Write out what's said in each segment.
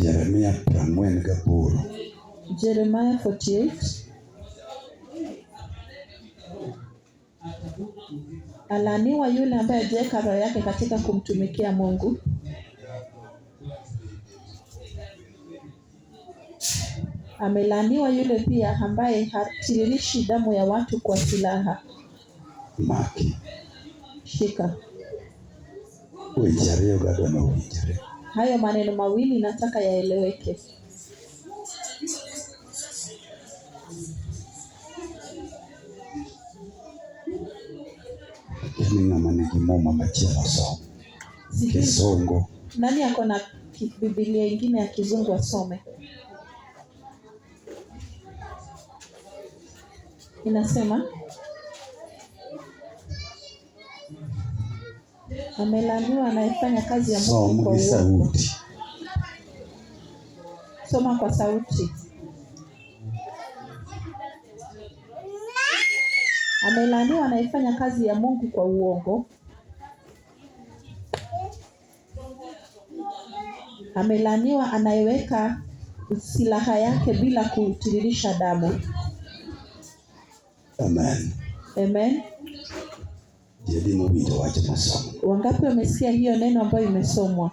jeremia prang'wen gaboro Jeremiah 48 Alaniwa yule ambaye ajiweka roho yake katika kumtumikia Mungu. Amelaniwa yule pia ambaye hatiririshi damu ya watu kwa silaha. Maki. Shika. Winjariyo gado na winjariyo Hayo maneno mawili nataka yaeleweke. Yaani Nani ako na Biblia ingine ya Kizungu asome? Inasema Amelaaniwa anayefanya kazi ya Mungu kwa uongo. Soma kwa sauti. amelaniwa anayefanya kazi ya Mungu kwa uongo. amelaniwa anayeweka silaha yake bila kutiririsha damu. Amen. Amen. Wangapi wamesikia hiyo neno ambayo imesomwa?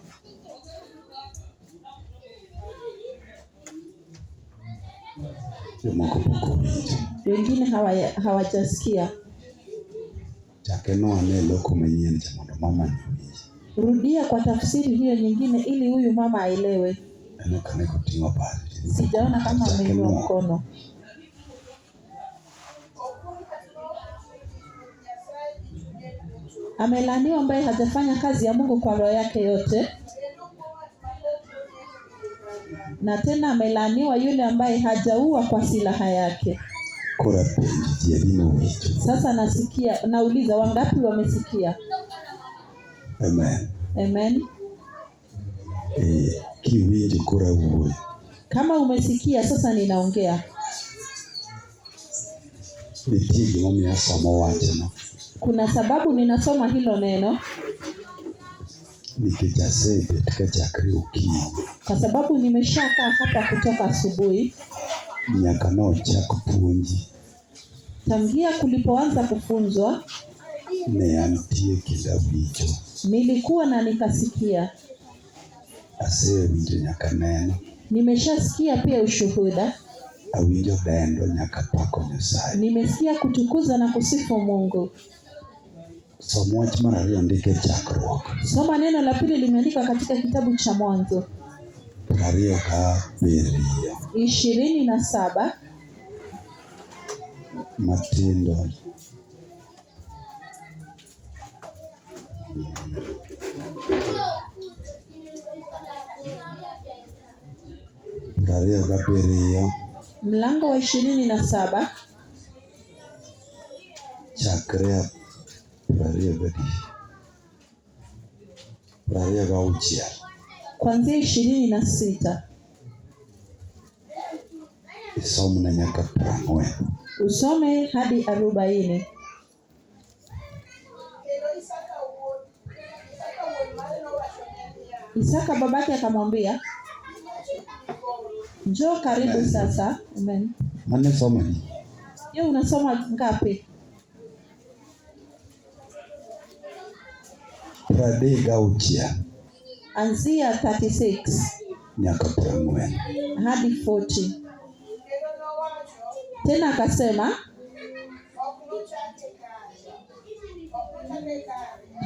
Wengine hawajasikia hawa. Rudia kwa tafsiri hiyo nyingine, ili huyu mama aelewe. Sijaona kama ameinua mkono. amelaniwa ambaye hajafanya kazi ya Mungu kwa roho yake yote, na tena amelaniwa yule ambaye hajaua kwa silaha yake. Sasa nasikia, nauliza wangapi wamesikia? Amen. Amen. E, kama umesikia sasa, ninaongea kuna sababu ninasoma hilo neno nikijasebe tukachakri kwa sababu nimeshakaa hapa kutoka asubuhi nyaka nocha tangia kulipoanza kufunzwa neantie kitabu nilikuwa na nikasikia asewinjo nyaka neno nimeshasikia pia ushuhuda awinjo dendo nyaka pako nyasaye nimesikia kutukuza na kusifu mungu Som Watchman aliandika chakruok. Soma neno la pili limeandikwa katika kitabu cha Mwanzo ariyo kabiriyo ishirini na saba Matindo ariyo kabiriyo mlango wa ishirini na saba chakre variedadi variedha ishirini na sita isomna nyaka pramwe usome hadi arobaini Isaka babake akamwambia, njoo karibu sasa. Amen. Mane soma. Je, unasoma ngapi? Faraday Gaudia anzia 36 miaka pramwe hadi 40. Tena akasema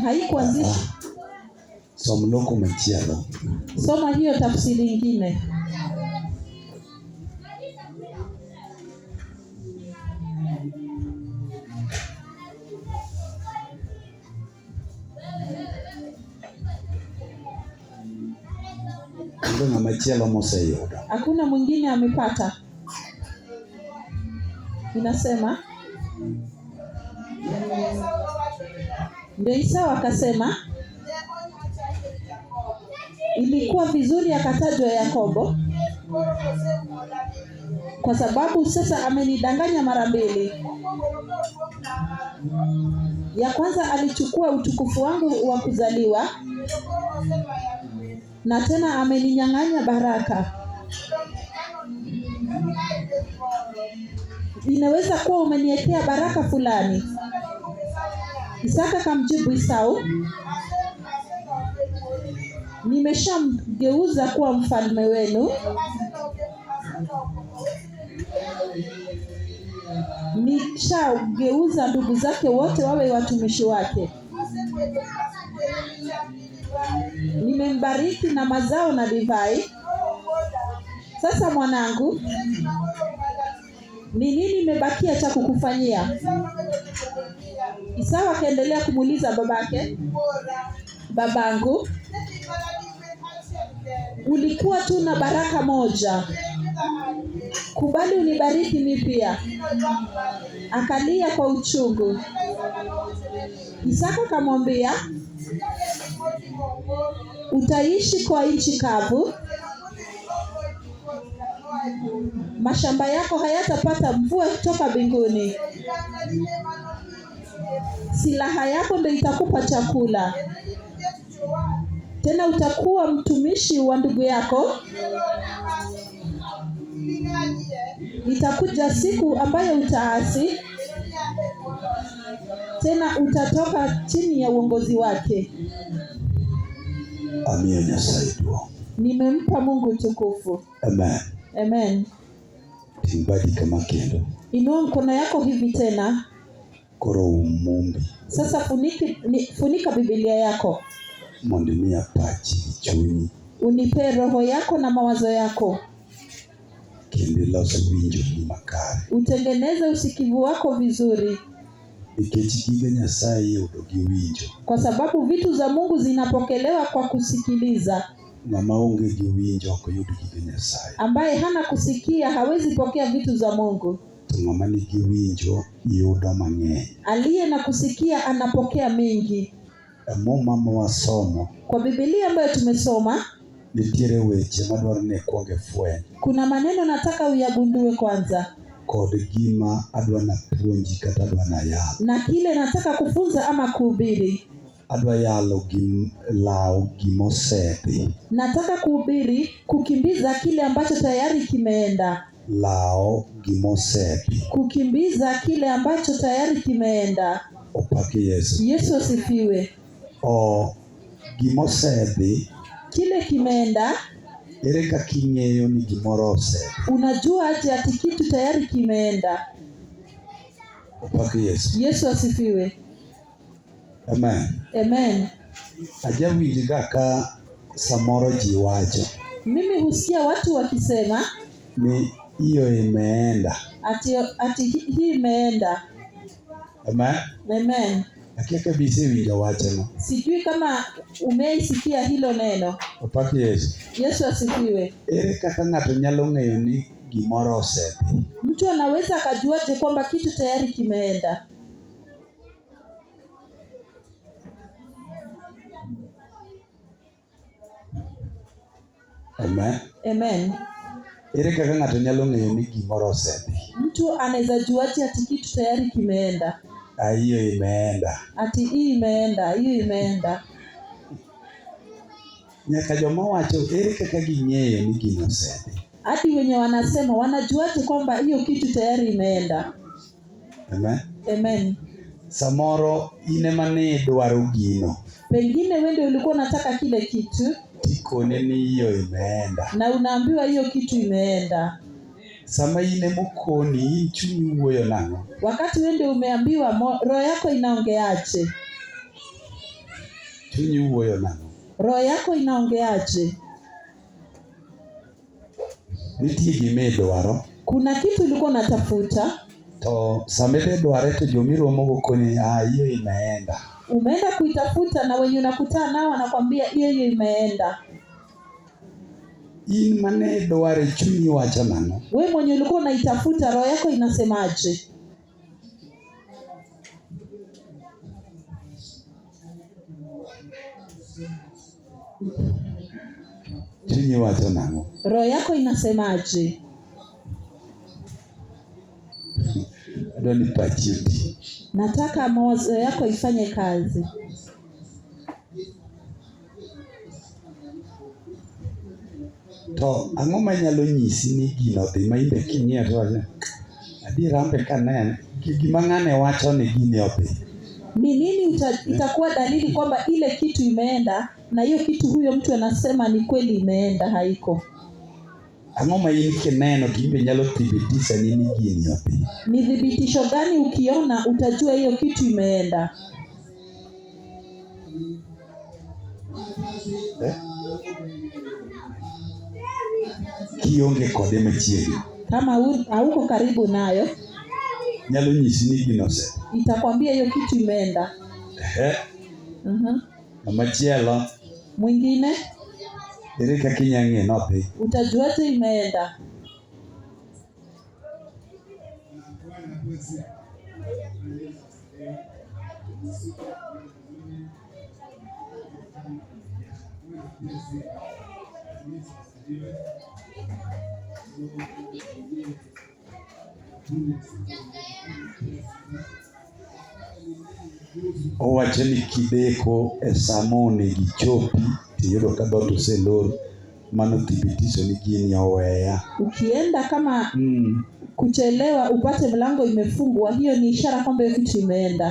haikuanzisha somlokomachialo. Soma hiyo tafsiri nyingine. onge ng'amachielo moseyudo hakuna mwingine amepata inasema ndio Esau akasema ilikuwa vizuri akatajwa Yakobo kwa sababu sasa amenidanganya mara mbili. Ya kwanza alichukua utukufu wangu wa kuzaliwa, na tena ameninyang'anya baraka. Inaweza kuwa umeniekea baraka fulani. Isaka kamjibu Isau, nimeshamgeuza kuwa mfalme wenu, nishageuza ndugu zake wote wawe watumishi wake nimembariki na mazao na divai. Sasa mwanangu, ni nini imebakia cha kukufanyia? Isau akaendelea kumuuliza babake, babangu, ulikuwa tu na baraka moja, kubali unibariki mimi pia. Akalia kwa uchungu. Isaka akamwambia Utaishi kwa nchi kavu, mashamba yako hayatapata mvua kutoka mbinguni. Silaha yako ndio itakupa chakula. Tena utakuwa mtumishi wa ndugu yako. Itakuja siku ambayo utaasi, tena utatoka chini ya uongozi wake. Amen, Nimempa Mungu tukufu Amen. Amen. kendo makendo. Inua mkono yako hivi tena. Koro umumbi. Sasa funiki, ni, funika bibilia yako. Mondimia pachi chuni. unipee roho yako na mawazo yako. Kendela usiwinjo ni makali. Utengeneze usikivu wako vizuri nikech gige Nyasaye yudo gi winjo. Kwa sababu vitu za Mungu zinapokelewa kwa kusikiliza. Ng'ama onge gi winjo ok yud gige Nyasaye. Ambaye hana kusikia hawezi pokea vitu za Mungu. To ng'ama nigi winjo yudo mang'eny. Aliye na kusikia anapokea mengi. Mo mama wasomo. Kwa Biblia ambayo tumesoma nitiere weche madwaro ni kuonge fweny. Kuna maneno nataka uyagundue kwanza kod gima adwa napuonji kata adwa nayalo na kile nataka kufunza ama kuhubiri adwa yalo gim, lao gimosedhi nataka kuhubiri kukimbiza kile ambacho tayari kimeenda lao gimosedhi kukimbiza kile ambacho tayari kimeenda opaki yesu yesu asifiwe o gimosedhi kile kimeenda ereka ingeyo ni gimoro ose unajua aje ati kitu tayari kimeenda upake yesu yesu asifiwe amen amen ajawinjga ka samoro ji wacho mimi husikia watu wakisema ni hiyo imeenda ati, ati hii imeenda amen amen Akeke bisi winja Sijui kama umeisikia hilo neno. Upaki Yesu. Yesu asifiwe. Ere kaka ng'ato nyalo ng'eyo ni gimoro osedhi. Mtu anaweza akajuaje kwamba kitu tayari kimeenda? Amen. Amen. Ere kaka ng'ato nyalo ng'eyo ni gimoro osedhi. Mtu anaweza juaje ati kitu tayari kimeenda? Ah, hiyo imeenda, ati hii imeenda, hiyo imeenda nyaka joma wacho ere kaka ging'eyo ni gino sedi ati wenye wanasema wanajua tu kwamba hiyo kitu tayari imeenda. Amen. Amen. Samoro ine mane dwaro gino, pengine wende ulikuwa unataka kile kitu, tikone ni hiyo imeenda, na unaambiwa hiyo kitu imeenda sama samaine mokoni inchui wuoyo nang'o wakati wende umeambiwa roho yako inaongeache chunyi wuoyo nang'o roho yako inaongeaje nitie gima idwaro e kuna kitu ilikuwa natafuta to sama idware to jomiromogo koni ah hiyo inaenda umeenda kuitafuta na wenye unakutana nao wanakwambia hiyo hiyo imeenda in mane dware chunyi wacho nang'o we mwenye ulikuwa unaitafuta roho yako inasemaje chunyi wacho nang'o roho yako inasemaje adwa ni pachidi nataka mawazo yako ifanye kazi to ang'o manyalo nyisi ni gino dhi ma be king'iyo to adiera ambe kaneno gima ng'ane wacho ni gini odhi ni nini itakuwa dalili kwamba ile kitu imeenda na hiyo kitu huyo mtu anasema ni kweli imeenda haiko ang'o ma in kineno kimbe nyalo thibitisha nini gini odhi ni thibitisho gani ukiona utajua hiyo kitu imeenda eh? kionge kode machiegni kama hauko karibu nayo nyalo nyisi ni ginose Nitakwambia hiyo kitu imeenda ehe Mhm. Mama na mwingine ere kaka inya ng'e nodhi imeenda Thank you ni kideko e samon gichopi tiyudo ka dhoot oselor mano thibitisho ni gini oweya. Ukienda kama mm, kuchelewa upate mlango imefungwa, hiyo ni ishara kwamba hiyo kitu imeenda.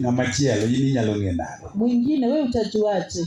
Ng'amachielo ini inyalo ng'e nade? Mwingine we utajuaje?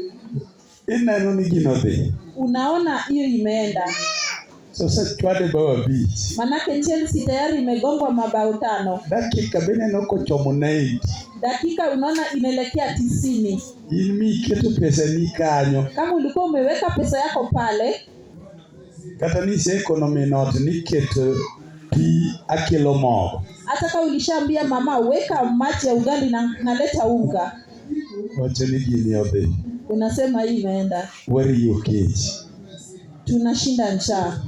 ineno ni gino dhi. Unaona hiyo imeenda. Sasa twade bao abich. Manake Chelsea tayari imegongwa mabao tano. Dakika bene noko chomo Dakika unaona inaelekea tisini. Imi keto pesa ni kanyo. Kama ulikuwa umeweka pesa yako pale. Kata ni se ekonomi not ni keto pi akilo mogo. Hata kama ulishaambia mama weka maji ya ugali na naleta unga. Wacha ni gini odhi unasema hii imeenda. Where you cage. Tunashinda njaa.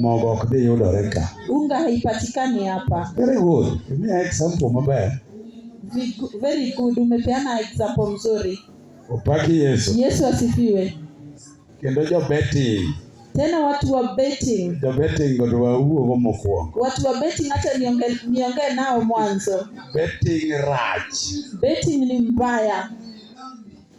Mogo ok dhi yudore ka. Unga haipatikani hapa. Very good. Ni example maber. Very good. Umepeana example mzuri. Upaki Yesu. Yesu asifiwe. Kendo jo betting. Tena watu wa betting. Jo betting go wa uogo mokwongo. Watu wa betting hata niongee niongee nao mwanzo. Betting raj. Betting ni mbaya.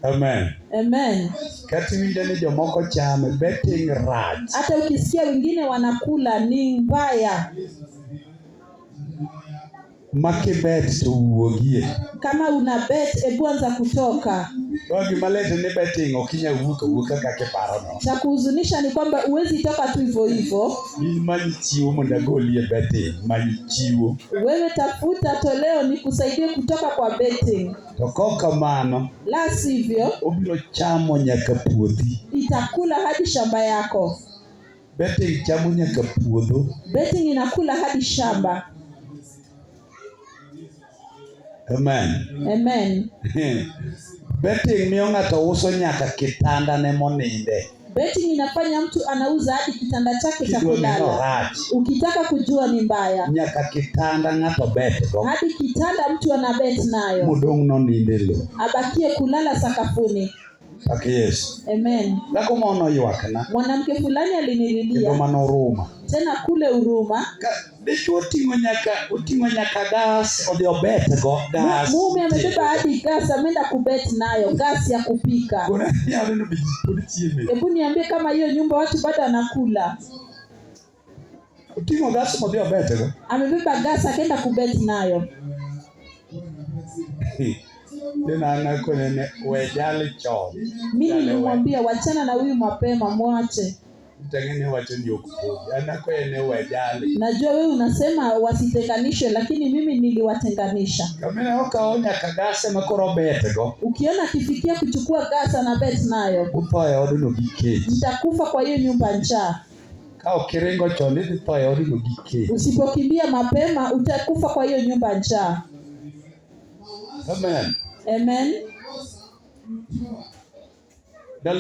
Amen. Amen. Kati winde ni jomoko chame betting raj. Hata ukisikia wengine wanakula ni mbaya. Make bet tuuogie. Kama una bet, ebu anza kutoka. Kwa gimalete ni betting okinya wuka wuka kake parono. Cha kuhuzunisha ni kwamba uwezi toka tu hivyo hivyo. Mimi mani chiwo munda goli ya betting, mani chiwo. Wewe tafuta toleo ni kusaidie kutoka kwa betting. Tokoka kamano. La sivyo. Obiro chamo nyaka puothi. Itakula hadi shamba yako. Betting chamo nyaka puodho. Betting inakula hadi shamba. Amen. Amen. Betting miyo ng'ato uso nyaka kitanda ne moninde. Betting inafanya mtu anauza hadi kitanda chake cha kulala. Ukitaka kujua ni mbaya, nyaka kitanda ng'ato bet go, hadi kitanda mtu anabet nayo, mudong' nonindelo, abakie kulala sakafuni ake Yesu. Amen. Dhako mono ywakna. Mwanamke fulani alinililia. Kendo mano uruma Tena kule Huruma. Dichwo oting'o nyaka oting'o nyaka gas odhi obet go gas. Mume amebeba hadi gas ameenda kubet nayo gas ya kupika. Hebu niambie kama hiyo nyumba watu bado wanakula. Oting'o gas modhi obet go. Amebeba gas akaenda kubet nayo. Mimi nilimwambia wachana na huyu mapema, mwache. Najua wewe unasema wasitenganishwe lakini mimi niliwatenganisha. Ukiona akifikia kuchukua gasa na bet nayo, nitakufa kwa hiyo nyumba njaa. Usipokimbia mapema, utakufa kwa hiyo nyumba njaa. Amen. Amen.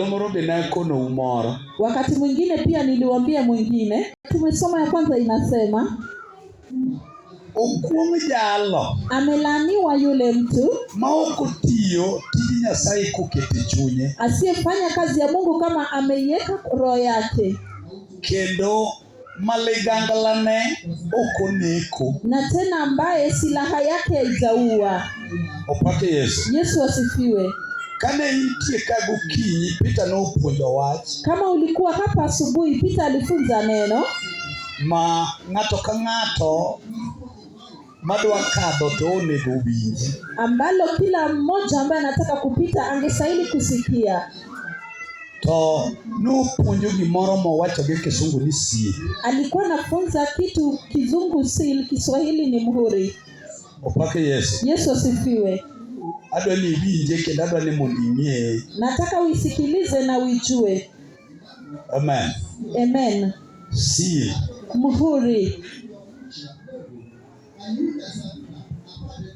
moro be nakonou moro, wakati mwingine pia niliwambia mwingine. Tumesoma ya kwanza inasema okwongʼ jalo, amelaaniwa yule mtu ma ok otiyo tij Nyasaye kokete chunye, asiyefanya kazi ya Mungu kama ameiweka roho yake kendo maligangalane huko na na tena ambaye silaha yake haijaua. opate Yesu. Yesu asifiwe. Kane intie kinyi Pita nopuonjo wach. Kama ulikuwa hapa asubuhi, Pita alifunza neno ma ng'ato ka ng'ato madwa kadho to onego winji, ambalo kila mmoja ambaye anataka kupita angestahili kusikia to nopuonjogi moro mowacho gi kisungu ni si alikuwa nafunza kitu kizungu si kiswahili ni mhuri opake yesu yesu asifiwe adwa ni iwinje kendo adwa ni mondo ing'eye nataka uisikilize na uijue amen amen si mhuri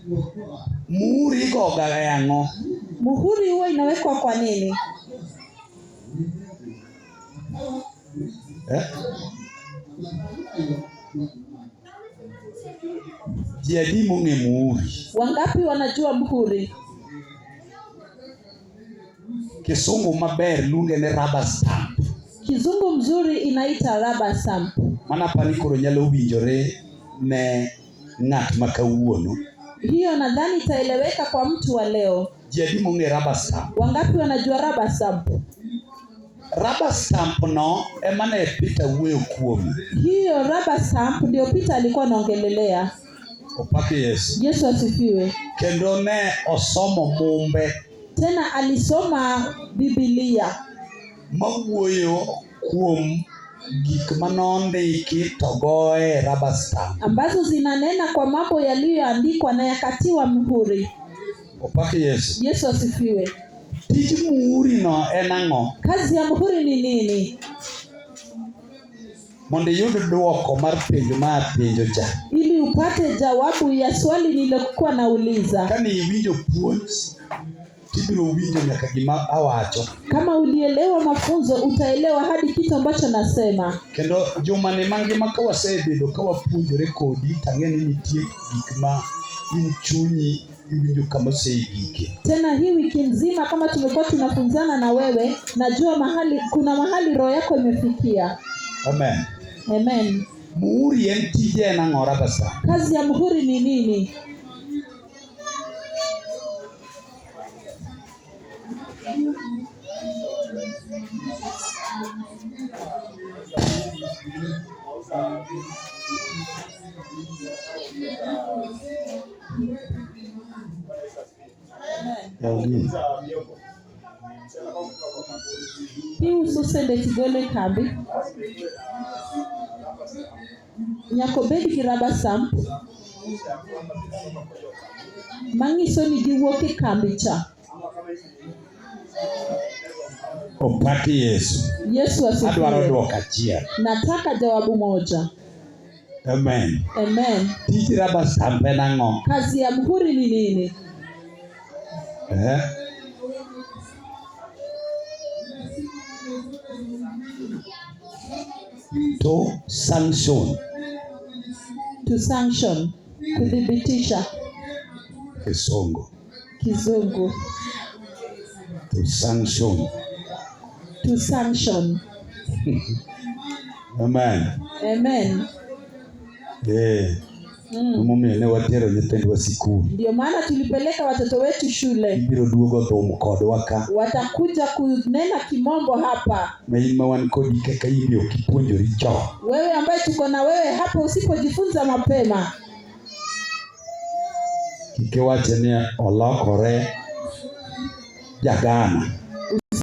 muhuri igogaga yang'o muhuri huwa inawekwa kwa nini eh? mung'e muhuri. Wangapi wanajua muhuri? Kisungu maber lunge ne rubber stamp. Kizungu mzuri inaita rubber stamp. Mana pani koro nyalo winjore ne ng'at ma kawuono. Hiyo nadhani itaeleweka kwa mtu wa leo. Jadi mung'e rubber stamp. Wangapi wanajua rubber stamp? raba stamp no emane Peter wuoyo kuome. Hiyo raba stamp ndio Peter alikuwa anaongelelea. Upake oh, Yesu. Yesu asifiwe. Kendo ne osomo mumbe. Tena alisoma Biblia mawuoyo kuom gik manondiki to goye raba stamp ambazo zinanena kwa mambo yaliyoandikwa na yakatiwa muhuri. Opaki oh, Yesu. Yesu asifiwe. Tij muhuri no en ang'o? Kazi ya muhuri ni nini? Mondo iyud duoko mar penjo ma apenjo cha. Ili upate jawabu ya swali nililokuwa nauliza. Kani iwinjo puonj tibiro winjo nyaka gima awacho. Kama ulielewa mafunzo utaelewa hadi kitu ambacho nasema. Kendo jumani mangima kawasebedo kawapuonjore kodi tang'e ni nitie gik ma tena hii wiki nzima kama tumekuwa tunafunzana na wewe, najua mahali kuna mahali roho yako imefikia. Amen. Amen. Muhuri en tije en ang'ora Kazi ya muhuri ni nini? ya ulinzi. Hii hususende Kigole Kambi, mang'iso ni giwuok e kambi cha opaki Yesu. Yesu asifiwe. Adwaro achiel, nataka jawabu moja Amen. Amen. Tiji raba na ng'o? Kazi ya mhuri ni nini? Eh? To sanction. To sanction. Kuthibitisha. Kisongo. Kizungu. To sanction. To sanction. Amen. Amen. Eh. Mm. ne watero nyithindwa sikul. Ndio maana tulipeleka watoto wetu shule. Ibiro duogo thum kodwa ka. Watakuja kunena kimombo hapa. Na in ma wan kodi kaka imbe ok cho. Wewe ambaye tuko na wewe hapa usipojifunza mapema. Kik iwache ni olokore jagana.